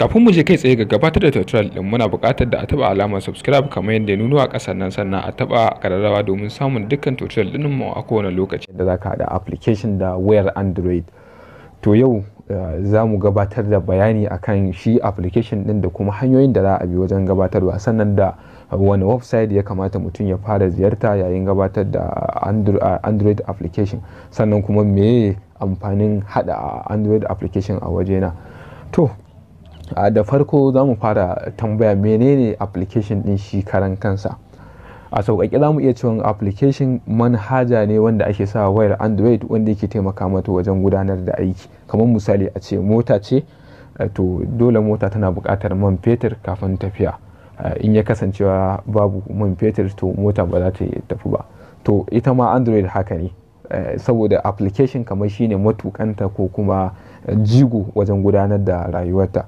kafin mu je kai tsaye ga gabatar da tutorial din muna buƙatar da a taba alamar subscribe kamar yadda nuno a ƙasar nan sannan a taba kararrawa domin samun dukkan tutorial din mu a kowane lokaci da zaka da application da wayar android to yau eh, za mu gabatar da bayani akan shi application din da kuma hanyoyin da za a bi wajen gabatarwa sannan da wani website ya kamata mutum ya fara ziyarta yayin gabatar da android application sannan kuma me amfanin hada android application a wajena to a da farko za mu fara tambaya menene application din shi karan kansa a sauƙaƙe za mu iya cewa application manhaja ne wanda ake sa wayar android wanda yake taimaka mata wajen gudanar da aiki kamar misali a ce mota ce eh, to dole mota tana buƙatar man fetur kafin tafiya eh, in ya kasancewa babu man fetur to mota ba za ta tafi ba to ita ma android haka ne eh, saboda application kamar shine matukanta ko kuma jigo wajen gudanar da rayuwarta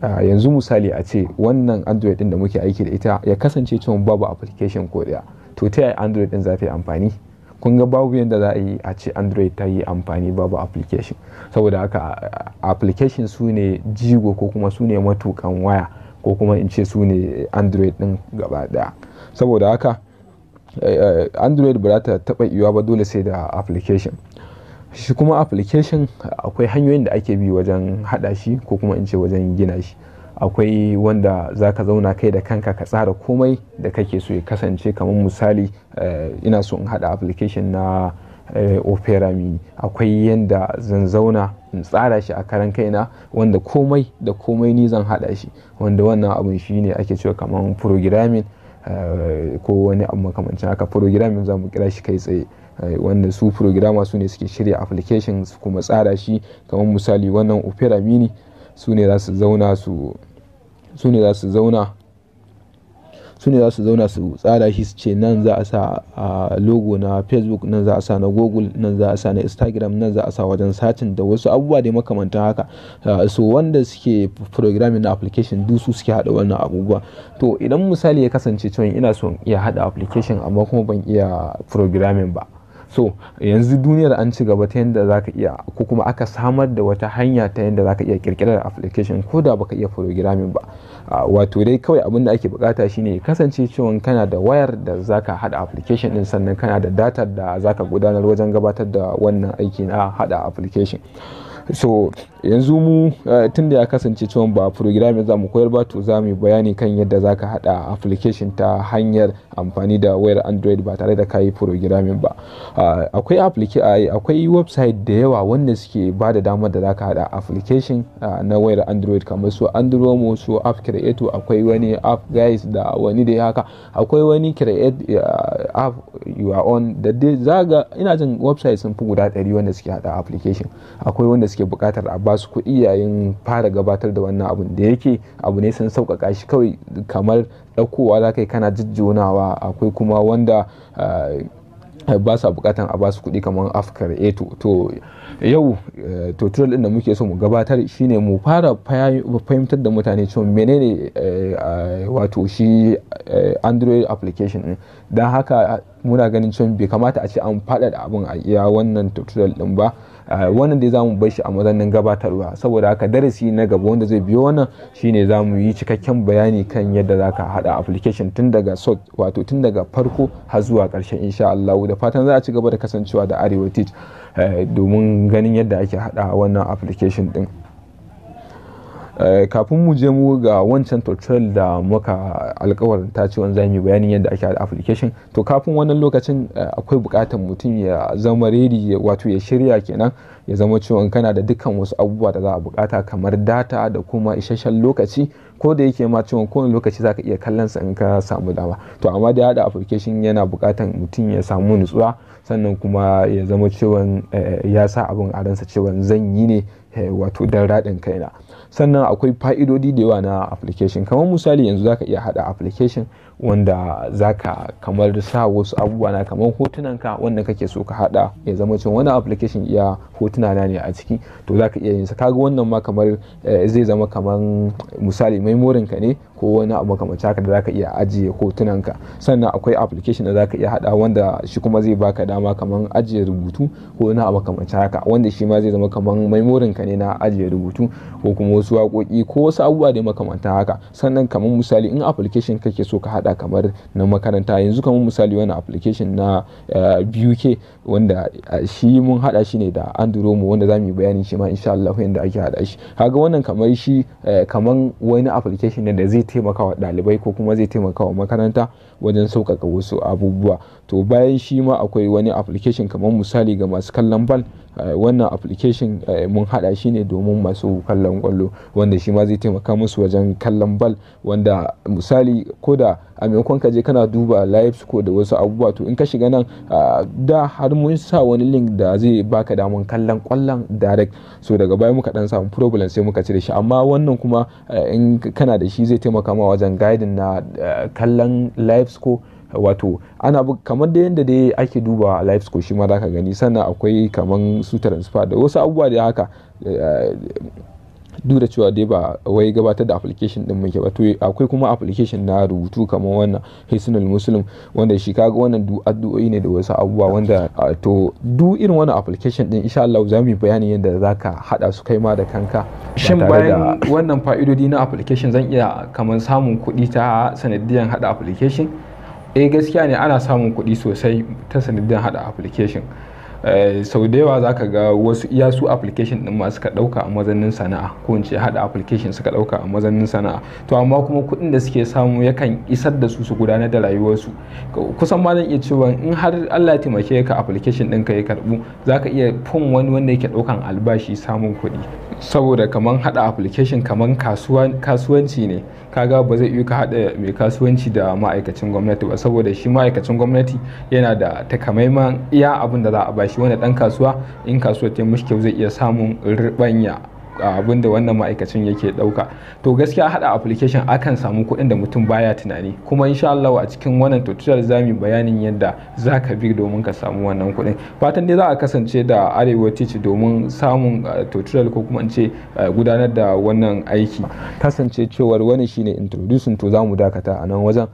yanzu misali a ce wannan android din da muke aiki da ita ya kasance cewa babu application ko daya to ta yi android din za ta yi amfani kun ga babu yadda za a yi a ce android ta yi amfani babu application saboda haka application su ne jigo ko kuma su ne matukan waya ko kuma in ce su ne android din gaba daya saboda haka eh, eh, android ba za ta taba yiwuwa ba dole sai da application shi kuma application akwai hanyoyin da ake bi wajen hada shi ko kuma in ce wajen gina shi akwai wanda za ka zauna kai da kanka ka tsara komai da kake so ya kasance kamar misali eh, ina so in hada application na eh, opera mini akwai yadda zan zauna in tsara shi a karan kaina wanda komai da komai ni zan hada shi wanda wannan abun shi ne ake cewa kamar programming Eh, ko wani abu makamancin haka programming za mu kira shi kai tsaye eh, wanda su programmer su ne suke shirya application su kuma tsara shi kamar misali wannan opera mini su ne za su zauna su ne za su zauna su ne za su zauna su tsara shi su ce nan za a sa a logo na facebook nan za a sa na google nan za a sa na instagram nan za a sa wajen satin da wasu abubuwa da makamantan haka so wanda suke programming na application duk su suke hada wannan abubuwa to idan misali ya kasance cewa ina so iya hada application amma kuma ban iya programming ba so yanzu duniyar an ci gaba ta yadda za ka iya ko kuma aka samar da wata hanya ta yadda za ka iya kirkirar application ko da baka iya programming ba wato dai kawai abin da ake bukata shine kasance cewa kana da wayar da zaka hada application din sannan kana da data da zaka gudanar wajen gabatar da wannan aiki na hada application so yanzu mu eh, tun da ya kasance cewa ba programming za mu koyar ba to za mu yi bayani kan yadda za ka haɗa application ta hanyar amfani da wayar android ba tare da kayi programming ba ah, akwai eh, akwai website da yawa wanda suke ba da damar da za ka haɗa application ah, na wayar android kamar su andromo su app creator akwai wani app guys da wani da haka akwai wani create eh, app you are on da dai zaga ina jin website sun fi guda 100 wanda suke haɗa application akwai wanda suke buƙatar a ba su kuɗi yayin fara gabatar da wannan abun da yake abu ne sun sauƙaƙa shi kawai kamar ɗaukowa za yi kana jijjonawa akwai kuma wanda eh, ba su bukatan a ba su kuɗi kamar afkar eto eh to yau tutorial eh, ɗin da muke so mu gabatar shine mu fara fahimtar da mutane cewa menene wato shi android application don haka muna ganin cewa bai kamata a ce an faɗaɗa abin a iya wannan tutorial ɗin ba Eh, wannan dai zamu bar shi a mazannin gabatarwa saboda haka darasi na gaba wanda zai biyo wannan shine zamu yi cikakken bayani kan yadda zaka hada application tun daga sort wato tun daga farko har zuwa karshe insha Allah da fatan za a ci gaba da kasancewa da Arewa Teach eh, domin ganin yadda ake hada wannan application din Eh, kafin mu je mu ga wancan tutorial da muka alkawarin ta ce wani zamu bayanin yadda ake da application to kafin wannan lokacin eh, akwai bukatar mutum ya zama ready wato ya shirya kenan ya zama cewa kana da dukkan wasu abubuwa da za a bukata kamar data da kuma isasshen lokaci ko da yake ma cewa kowane lokaci za ka iya kallon sa in ka samu dama to amma da yada application yana bukatan mutum ya samu nutsuwa sannan kuma ya zama cewa eh, ya sa abin a ransa cewa zan yi ne wato dan raɗin kaina sannan akwai fa'idodi da yawa na application kamar misali yanzu zaka iya hada application wanda za ka kamar sa wasu abubuwa na kamar hotunanka wanda kake so ka hada ya zama cin wani application iya hotuna na ne a ciki to za ka iya yin sa kaga wannan ma kamar eh, zai zama kamar misali memorin ka ne ko wani abu makamacin haka da za ka iya ajiye hotunanka sannan akwai application da za ka iya hada wanda shi kuma zai baka dama kamar ajiye rubutu ko wani abu makamacin haka wanda shi ma zai zama kamar memorin ka ne na ajiye rubutu ko kuma wasu waƙoƙi ko wasu abubuwa da makamanta haka sannan kamar misali in application kake so ka hada hada kamar na makaranta yanzu kamar misali wani application na BUK eh, wanda eh, shi mun hada shi ne da Andromo wanda za bayani shi ma insha Allah yanda ake hada shi kaga wannan kamar shi eh, kamar wani application ne da zai taimaka wa ɗalibai ko kuma zai taimaka wa makaranta wajen sauƙaƙa wasu abubuwa to bayan shi ma akwai wani application kamar misali ga masu kallon bal wannan application mun hada shi ne domin masu kallon kwallo wanda shi ma zai taimaka musu wajen kallon bal wanda misali koda. a maimakon ka je kana duba live score da wasu abubuwa to in ka shiga nan da har mun sa wani link da zai baka daman kallon kwallon direct so daga baya muka dan samu problem sai muka cire shi amma wannan kuma in kana da shi zai taimaka ma wajen guiding na kallon live score wato ana kamar da yadda dai ake duba live score shi ma zaka gani sannan akwai kamar su transfer da wasu abubuwa da haka duk da cewa dai ba wai gabatar da application din muke ba to akwai kuma application na rubutu kamar wannan hisnul muslim wanda shi kaga wannan duk addu'o'i ne da wasu abubuwa wanda to duk irin wannan application din insha Allah za mu bayani bayanin yadda zaka hada su kai ma da kanka shin bayan wannan fa'idodi na application zan iya kamar samun kuɗi ta sanadiyan hada application eh gaskiya ne ana samun kuɗi sosai ta sanadiyan hada application Eh, sau da yawa zaka ga wasu iya su application din ma suka dauka a mazanin sana'a ko in ce hada application suka dauka a mazanin sana'a to amma kuma kuɗin da suke samu yakan isar da su su gudanar da rayuwarsu kusan ma zan iya cewa in har Allah ya taimake ka application ka ya karbu zaka iya fun wani wanda yake daukan albashi samun kuɗi saboda kaman hada application kamar kasuwanci ne kaga ba zai iya ka hada mai kasuwanci da ma'aikacin gwamnati ba saboda shi ma'aikacin gwamnati yana da takamaiman iya abin da za a bashi wanda dan kasuwa in kasuwa ta mushkil zai iya samun ribanya abin da wannan ma'aikacin yake dauka to gaskiya hada application akan samu kuɗin da mutum baya tunani kuma insha Allah a cikin wannan tutorial zamu bayanin yadda zaka bi domin ka samu wannan kuɗin fatan dai za a kasance da arewa teach domin samun tutorial ko kuma in ce gudanar da wannan aiki kasance cewar wani shine introducing to zamu dakata a nan wajen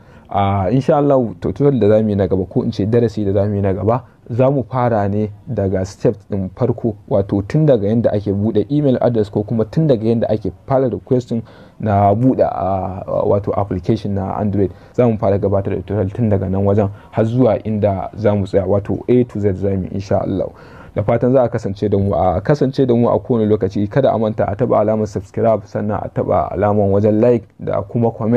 insha Allah tutorial da zamu yi na gaba ko in ce darasi da zamu yi na gaba za mu fara ne daga steps ɗin farko wato tun daga yadda ake buɗe email address ko kuma tun daga yadda ake fara requesting na buɗe a wato application na android za mu fara gabatar da tutorial tun daga nan wajen har zuwa inda za mu tsaya wato a to z za mu insha Allah da fatan za a kasance da mu a kasance da mu a kowane lokaci kada a manta a taba alamar subscribe sannan a taba alamar wajen like da kuma comment